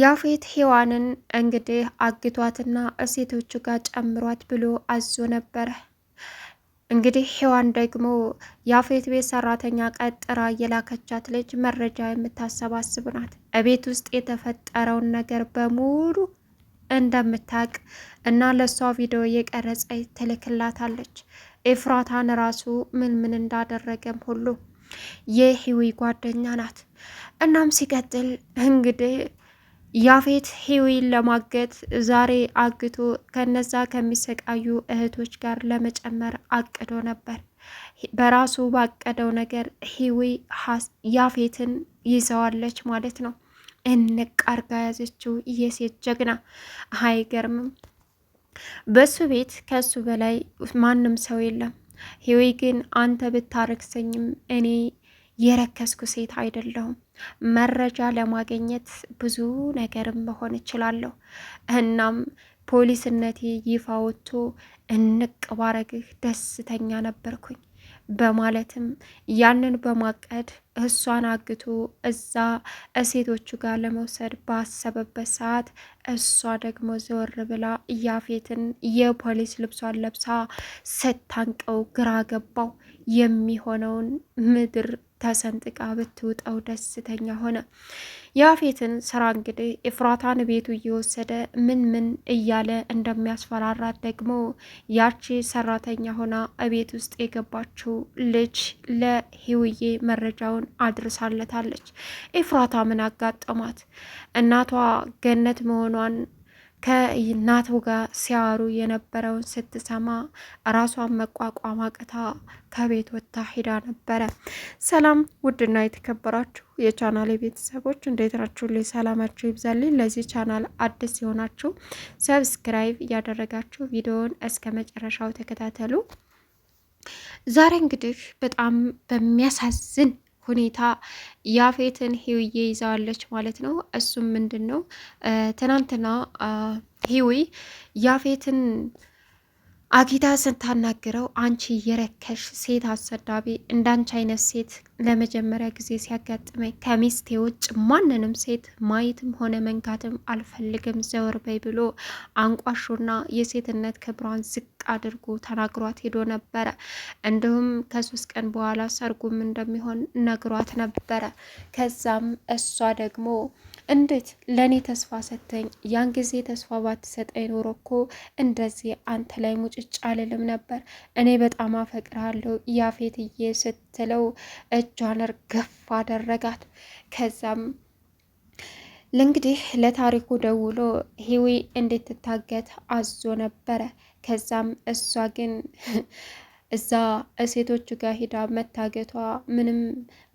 ያፌት ሔዋንን እንግዲህ አግቷትና እሴቶቹ ጋር ጨምሯት ብሎ አዞ ነበረ። እንግዲህ ሔዋን ደግሞ ያፌት ቤት ሰራተኛ ቀጥራ የላከቻት ልጅ መረጃ የምታሰባስብ ናት። እቤት ውስጥ የተፈጠረውን ነገር በሙሉ እንደምታቅ እና ለእሷ ቪዲዮ የቀረጸ ትልክላታለች። ኤፍራታን ራሱ ምን ምን እንዳደረገም ሁሉ የህዊ ጓደኛ ናት። እናም ሲቀጥል እንግዲህ ያፌት ሂዊን ለማገት ዛሬ አግቶ ከነዛ ከሚሰቃዩ እህቶች ጋር ለመጨመር አቅዶ ነበር። በራሱ ባቀደው ነገር ሂዊ ያፌትን ይዘዋለች ማለት ነው። እንቅ አርጋ ያዘችው የሴት ጀግና። አይገርምም? በሱ ቤት ከሱ በላይ ማንም ሰው የለም። ሂዊ ግን አንተ ብታረክሰኝም እኔ የረከስኩ ሴት አይደለሁም። መረጃ ለማግኘት ብዙ ነገርም መሆን እችላለሁ። እናም ፖሊስነቴ ይፋ ወጥቶ እንቅ ባረግህ ደስተኛ ነበርኩኝ በማለትም ያንን በማቀድ እሷን አግቶ እዛ እሴቶቹ ጋር ለመውሰድ ባሰበበት ሰዓት እሷ ደግሞ ዘወር ብላ ያፌትን የፖሊስ ልብሷን ለብሳ ስታንቀው ግራ ገባው። የሚሆነውን ምድር ተሰንጥቃ ብትውጠው ደስተኛ ሆነ። ያፌትን ስራ እንግዲህ ኤፍራታን ቤቱ እየወሰደ ምን ምን እያለ እንደሚያስፈራራት ደግሞ ያቺ ሰራተኛ ሆና እቤት ውስጥ የገባችው ልጅ ለህውዬ መረጃውን አድርሳለታለች። ኤፍራታ ምን አጋጠማት? እናቷ ገነት መሆኗን ከእናቱ ጋር ሲያወሩ የነበረውን ስትሰማ ራሷን መቋቋም አቅታ ከቤት ወጥታ ሂዳ ነበረ። ሰላም ውድና የተከበራችሁ የቻናል ቤተሰቦች እንዴት ናችሁ? ላይ ሰላማችሁ ይብዛልኝ። ለዚህ ቻናል አዲስ የሆናችሁ ሰብስክራይብ እያደረጋችሁ ቪዲዮውን እስከ መጨረሻው ተከታተሉ። ዛሬ እንግዲህ በጣም በሚያሳዝን ሁኔታ ያፌትን ህይውዬ ይዛዋለች ማለት ነው። እሱም ምንድን ነው ትናንትና ህዊ ያፌትን አጊታ ስታናግረው አንቺ የረከሽ ሴት አሰዳቢ፣ እንዳንቺ አይነት ሴት ለመጀመሪያ ጊዜ ሲያጋጥመኝ ከሚስቴ ውጭ ማንንም ሴት ማየትም ሆነ መንካትም አልፈልግም፣ ዘወር በይ ብሎ አንቋሹና የሴትነት ክብሯን ዝቅ አድርጎ ተናግሯት ሄዶ ነበረ። እንዲሁም ከሶስት ቀን በኋላ ሰርጉም እንደሚሆን ነግሯት ነበረ። ከዛም እሷ ደግሞ እንዴት ለእኔ ተስፋ ሰተኝ? ያን ጊዜ ተስፋ ባትሰጠኝ ኖሮ እኮ እንደዚህ አንተ ላይ ሙጭጭ አልልም ነበር። እኔ በጣም አፈቅርሃለሁ ያፌትዬ ስትለው እጇን እርግፍ አደረጋት። ከዛም ለእንግዲህ ለታሪኩ ደውሎ ሂዊ እንድትታገት አዞ ነበረ። ከዛም እሷ ግን እዛ እሴቶቹ ጋር ሂዳ መታገቷ ምንም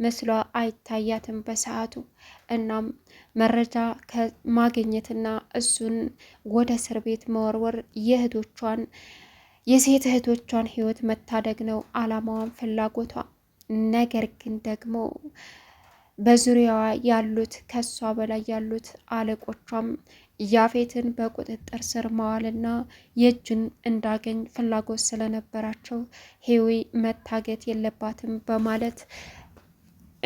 መስሏ አይታያትም በሰዓቱ። እናም መረጃ ማግኘትና እሱን ወደ እስር ቤት መወርወር የእህቶቿን የሴት እህቶቿን ህይወት መታደግ ነው አላማዋን ፍላጎቷ። ነገር ግን ደግሞ በዙሪያዋ ያሉት ከሷ በላይ ያሉት አለቆቿም ያፌትን በቁጥጥር ስር ማዋልና የእጁን እንዳገኝ ፍላጎት ስለነበራቸው ሄዊ መታገት የለባትም በማለት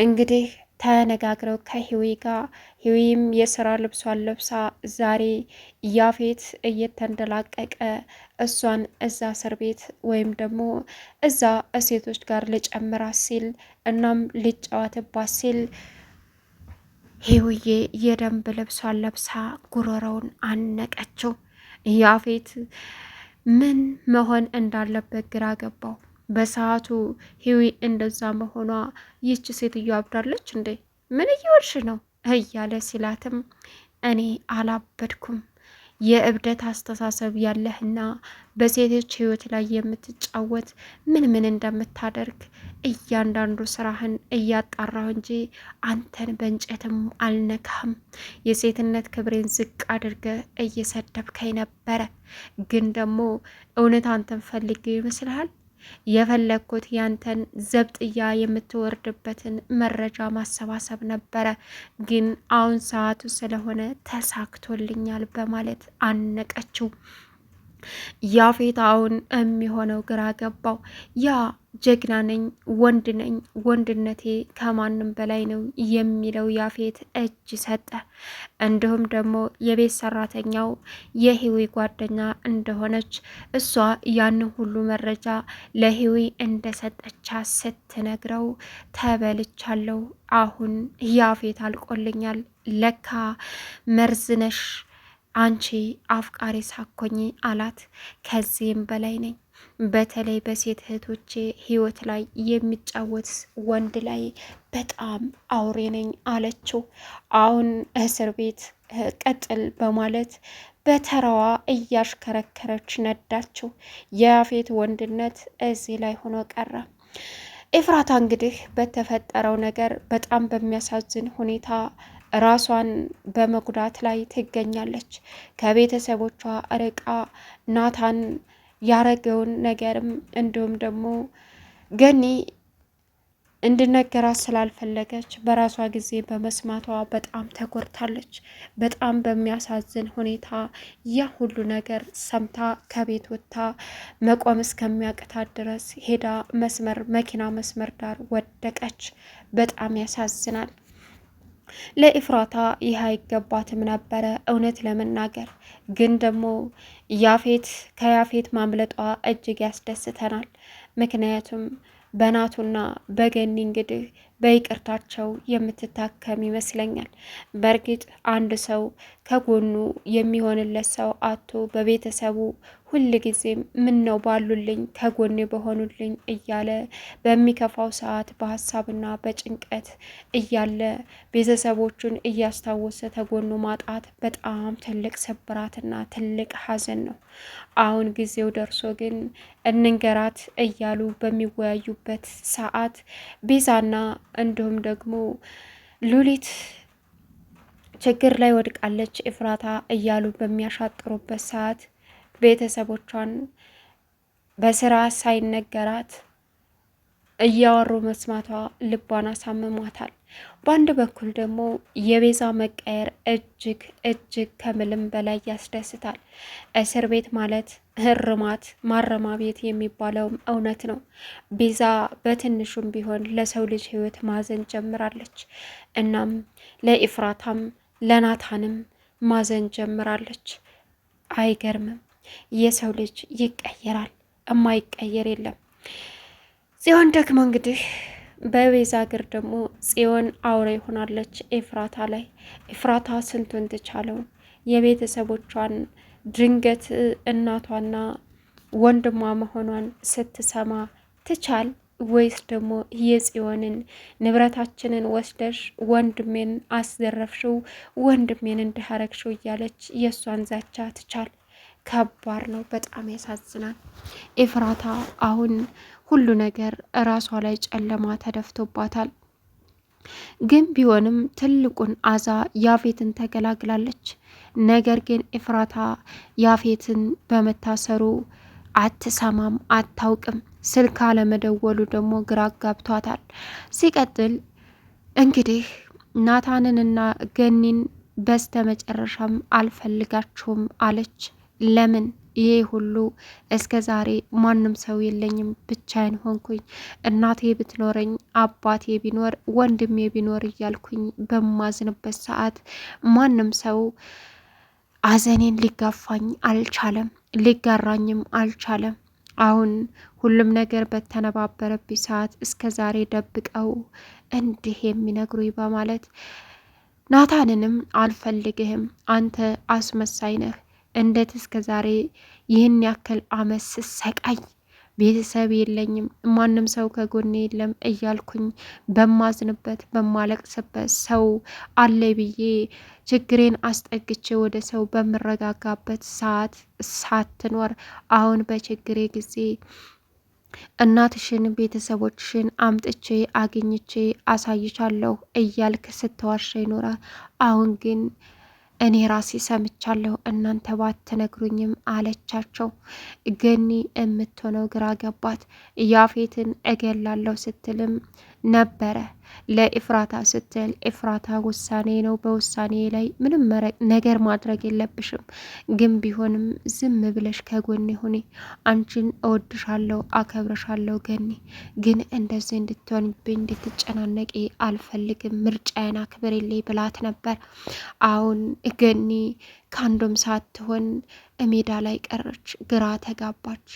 እንግዲህ ተነጋግረው ከሂዊ ጋር ሂዊም የስራ ልብሷን ለብሳ ዛሬ ያፌት እየተንደላቀቀ እሷን እዛ እስር ቤት ወይም ደግሞ እዛ እሴቶች ጋር ልጨምራት ሲል እናም ልጫወትባት ሲል ህውዬ የደንብ ልብሷን ለብሳ ጉሮሮውን አነቀችው። ያፌት ምን መሆን እንዳለበት ግራ ገባው። በሰዓቱ ሂዊ እንደዛ መሆኗ ይህች ሴትዮ አብዳለች እንዴ? ምን እየወርሽ ነው? እያለ ሲላትም እኔ አላበድኩም የእብደት አስተሳሰብ ያለህና በሴቶች ህይወት ላይ የምትጫወት ምን ምን እንደምታደርግ እያንዳንዱ ስራህን እያጣራሁ እንጂ አንተን በእንጨትም አልነካህም። የሴትነት ክብሬን ዝቅ አድርገህ እየሰደብከኝ ነበረ። ግን ደግሞ እውነት አንተን ፈልጌ ይመስልሃል? የፈለግኩት ያንተን ዘብጥያ የምትወርድበትን መረጃ ማሰባሰብ ነበረ፣ ግን አሁን ሰዓቱ ስለሆነ ተሳክቶልኛል በማለት አነቀችው። ያፌት አሁን የሚሆነው ግራ ገባው። ያ ጀግና ነኝ ወንድ ነኝ ወንድነቴ ከማንም በላይ ነው የሚለው ያፌት እጅ ሰጠ። እንዲሁም ደግሞ የቤት ሰራተኛው የህዊ ጓደኛ እንደሆነች እሷ ያንን ሁሉ መረጃ ለህዊ እንደሰጠቻ ስትነግረው ተበልቻለሁ፣ አሁን ያፌት አልቆልኛል፣ ለካ መርዝነሽ አንቺ አፍቃሪ ሳኮኝ አላት። ከዚህም በላይ ነኝ። በተለይ በሴት እህቶቼ ህይወት ላይ የሚጫወት ወንድ ላይ በጣም አውሬ ነኝ አለችው። አሁን እስር ቤት ቀጥል በማለት በተራዋ እያሽከረከረች ነዳችው። የአፌት ወንድነት እዚህ ላይ ሆኖ ቀረ። ኤፍራታ እንግዲህ በተፈጠረው ነገር በጣም በሚያሳዝን ሁኔታ ራሷን በመጉዳት ላይ ትገኛለች። ከቤተሰቦቿ ርቃ ናታን ያረገውን ነገርም እንዲሁም ደግሞ ገኒ እንድነገራት ስላልፈለገች በራሷ ጊዜ በመስማቷ በጣም ተጎድታለች። በጣም በሚያሳዝን ሁኔታ ያ ሁሉ ነገር ሰምታ ከቤት ወጥታ መቆም እስከሚያቅታት ድረስ ሄዳ መስመር መኪና መስመር ዳር ወደቀች። በጣም ያሳዝናል። ለኢፍራታ ይህ አይገባትም ነበረ። እውነት ለመናገር ግን ደግሞ ያፌት ከያፌት ማምለጧ እጅግ ያስደስተናል። ምክንያቱም በናቱና በገኒ እንግዲህ በይቅርታቸው የምትታከም ይመስለኛል። በእርግጥ አንድ ሰው ከጎኑ የሚሆንለት ሰው አቶ በቤተሰቡ ሁል ጊዜም ምን ነው ባሉልኝ ከጎኔ በሆኑልኝ እያለ በሚከፋው ሰዓት በሀሳብና በጭንቀት እያለ ቤተሰቦቹን እያስታወሰ ከጎኑ ማጣት በጣም ትልቅ ስብራትና ትልቅ ሐዘን ነው። አሁን ጊዜው ደርሶ ግን እንንገራት እያሉ በሚወያዩበት ሰዓት ቤዛና እንዲሁም ደግሞ ሉሊት ችግር ላይ ወድቃለች ኤፍራታ እያሉ በሚያሻጥሩበት ሰዓት ቤተሰቦቿን በስራ ሳይነገራት እያወሩ መስማቷ ልቧን አሳምሟታል። በአንድ በኩል ደግሞ የቤዛ መቀየር እጅግ እጅግ ከምልም በላይ ያስደስታል። እስር ቤት ማለት እርማት ማረማ ቤት የሚባለውም እውነት ነው። ቤዛ በትንሹም ቢሆን ለሰው ልጅ ሕይወት ማዘን ጀምራለች። እናም ለኢፍራታም ለናታንም ማዘን ጀምራለች። አይገርምም? የሰው ልጅ ይቀየራል፣ እማይቀየር የለም። ጽዮን ደግሞ እንግዲህ በቤዛ እግር ደግሞ ጽዮን አውሬ ሆናለች ኤፍራታ ላይ። ኤፍራታ ስንቱን ትቻለው የቤተሰቦቿን ድንገት እናቷና ወንድሟ መሆኗን ስትሰማ ትቻል ወይስ ደግሞ የጽዮንን ንብረታችንን ወስደሽ ወንድሜን አስዘረፍሽው፣ ወንድሜን እንዳረግሽው እያለች የእሷን ዛቻ ትቻል ከባድ ነው። በጣም ያሳዝናል። ኤፍራታ አሁን ሁሉ ነገር እራሷ ላይ ጨለማ ተደፍቶባታል። ግን ቢሆንም ትልቁን አዛ ያፌትን ተገላግላለች። ነገር ግን ኤፍራታ ያፌትን በመታሰሩ አትሰማም፣ አታውቅም። ስልክ አለመደወሉ ደግሞ ግራ ጋብቷታል። ሲቀጥል እንግዲህ ናታንንና ገኒን በስተ መጨረሻም አልፈልጋችሁም አለች። ለምን ይሄ ሁሉ እስከ ዛሬ ማንም ሰው የለኝም፣ ብቻዬን ሆንኩኝ፣ እናቴ ብትኖረኝ፣ አባቴ ቢኖር፣ ወንድሜ ቢኖር እያልኩኝ በማዝንበት ሰዓት ማንም ሰው አዘኔን ሊጋፋኝ አልቻለም፣ ሊጋራኝም አልቻለም። አሁን ሁሉም ነገር በተነባበረብኝ ሰዓት እስከ ዛሬ ደብቀው እንዲህ የሚነግሩኝ በማለት ናታንንም አልፈልግህም፣ አንተ አስመሳይ ነህ እንዴት እስከ ዛሬ ይህን ያክል አመት ስሰቃይ ቤተሰብ የለኝም፣ ማንም ሰው ከጎኔ የለም እያልኩኝ በማዝንበት በማለቅስበት ሰው አለ ብዬ ችግሬን አስጠግቼ ወደ ሰው በምረጋጋበት ሰዓት ሳትኖር አሁን በችግሬ ጊዜ እናትሽን ቤተሰቦችሽን አምጥቼ አግኝቼ አሳይቻለሁ እያልክ ስተዋሻ ይኖራል። አሁን ግን እኔ ራሴ ሰምቻለሁ እናንተ ባትነግሩኝም አለቻቸው። ገኒ የምትሆነው ግራ ገባት። ያፌትን እገላለሁ ስትልም ነበረ ለኢፍራታ ስትል ኢፍራታ ውሳኔ ነው፣ በውሳኔ ላይ ምንም ነገር ማድረግ የለብሽም፣ ግን ቢሆንም ዝም ብለሽ ከጎኔ ሁኔ፣ አንቺን እወድሻለሁ፣ አከብረሻለሁ ገኒ፣ ግን እንደዚህ እንድትሆንብኝ እንድትጨናነቂ አልፈልግም፣ ምርጫዬን አክብሬልኝ ብላት ነበር። አሁን ገኒ ከአንዱም ሳትሆን ሜዳ ላይ ቀረች። ግራ ተጋባች።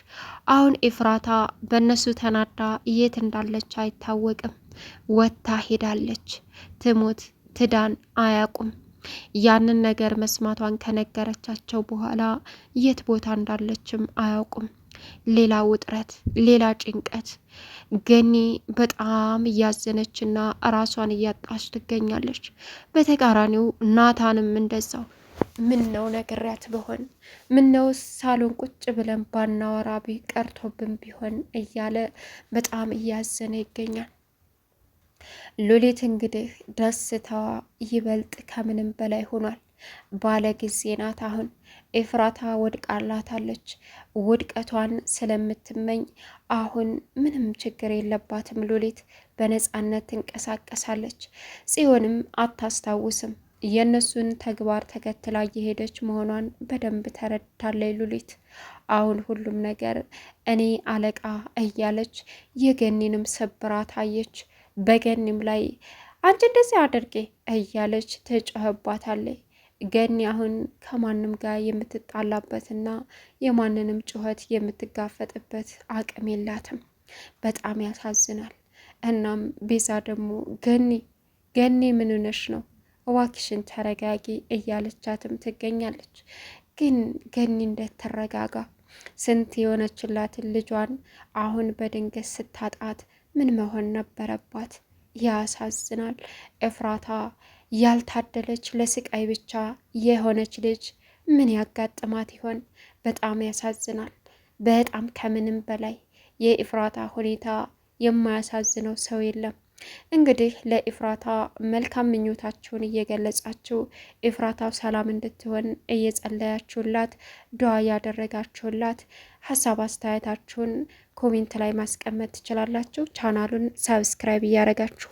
አሁን ኤፍራታ በእነሱ ተናዳ የት እንዳለች አይታወቅም። ወታ ሄዳለች። ትሞት ትዳን አያውቁም። ያንን ነገር መስማቷን ከነገረቻቸው በኋላ የት ቦታ እንዳለችም አያውቁም። ሌላ ውጥረት፣ ሌላ ጭንቀት። ገኒ በጣም እያዘነችና ራሷን እያጣች ትገኛለች። በተቃራኒው ናታንም እንደዛው ምን ነው ነግሪያት ብሆን ምን ነው ሳሎን ቁጭ ብለን ባናወራ ቀርቶብን ቢሆን እያለ በጣም እያዘነ ይገኛል። ሉሊት እንግዲህ ደስታዋ ይበልጥ ከምንም በላይ ሆኗል። ባለ ጊዜ ናት። አሁን ኤፍራታ ወድቃላታለች። ውድቀቷን ስለምትመኝ አሁን ምንም ችግር የለባትም። ሉሊት በነፃነት ትንቀሳቀሳለች። ጽዮንም አታስታውስም የእነሱን ተግባር ተከትላ እየሄደች መሆኗን በደንብ ተረድታለች ሉሊት። አሁን ሁሉም ነገር እኔ አለቃ እያለች የገኒንም ስብራ አየች። በገኒም ላይ አንቺ እንደዚህ አድርጌ እያለች ትጮህባታለች። ገኒ አሁን ከማንም ጋር የምትጣላበትና የማንንም ጩኸት የምትጋፈጥበት አቅም የላትም። በጣም ያሳዝናል። እናም ቤዛ ደግሞ ገኒ ገኒ ምን ነሽ ነው እባክሽን ተረጋጊ እያለቻትም ትገኛለች። ግን ገኒ እንደተረጋጋ ስንት የሆነችላትን ልጇን አሁን በድንገት ስታጣት ምን መሆን ነበረባት? ያሳዝናል። እፍራታ ያልታደለች ለስቃይ ብቻ የሆነች ልጅ ምን ያጋጥማት ይሆን? በጣም ያሳዝናል። በጣም ከምንም በላይ የእፍራታ ሁኔታ የማያሳዝነው ሰው የለም። እንግዲህ ለኢፍራታ መልካም ምኞታችሁን እየገለጻችሁ ኢፍራታው ሰላም እንድትሆን እየጸለያችሁላት ዱዓ እያደረጋችሁላት ሀሳብ አስተያየታችሁን ኮሜንት ላይ ማስቀመጥ ትችላላችሁ። ቻናሉን ሰብስክራይብ እያደረጋችሁ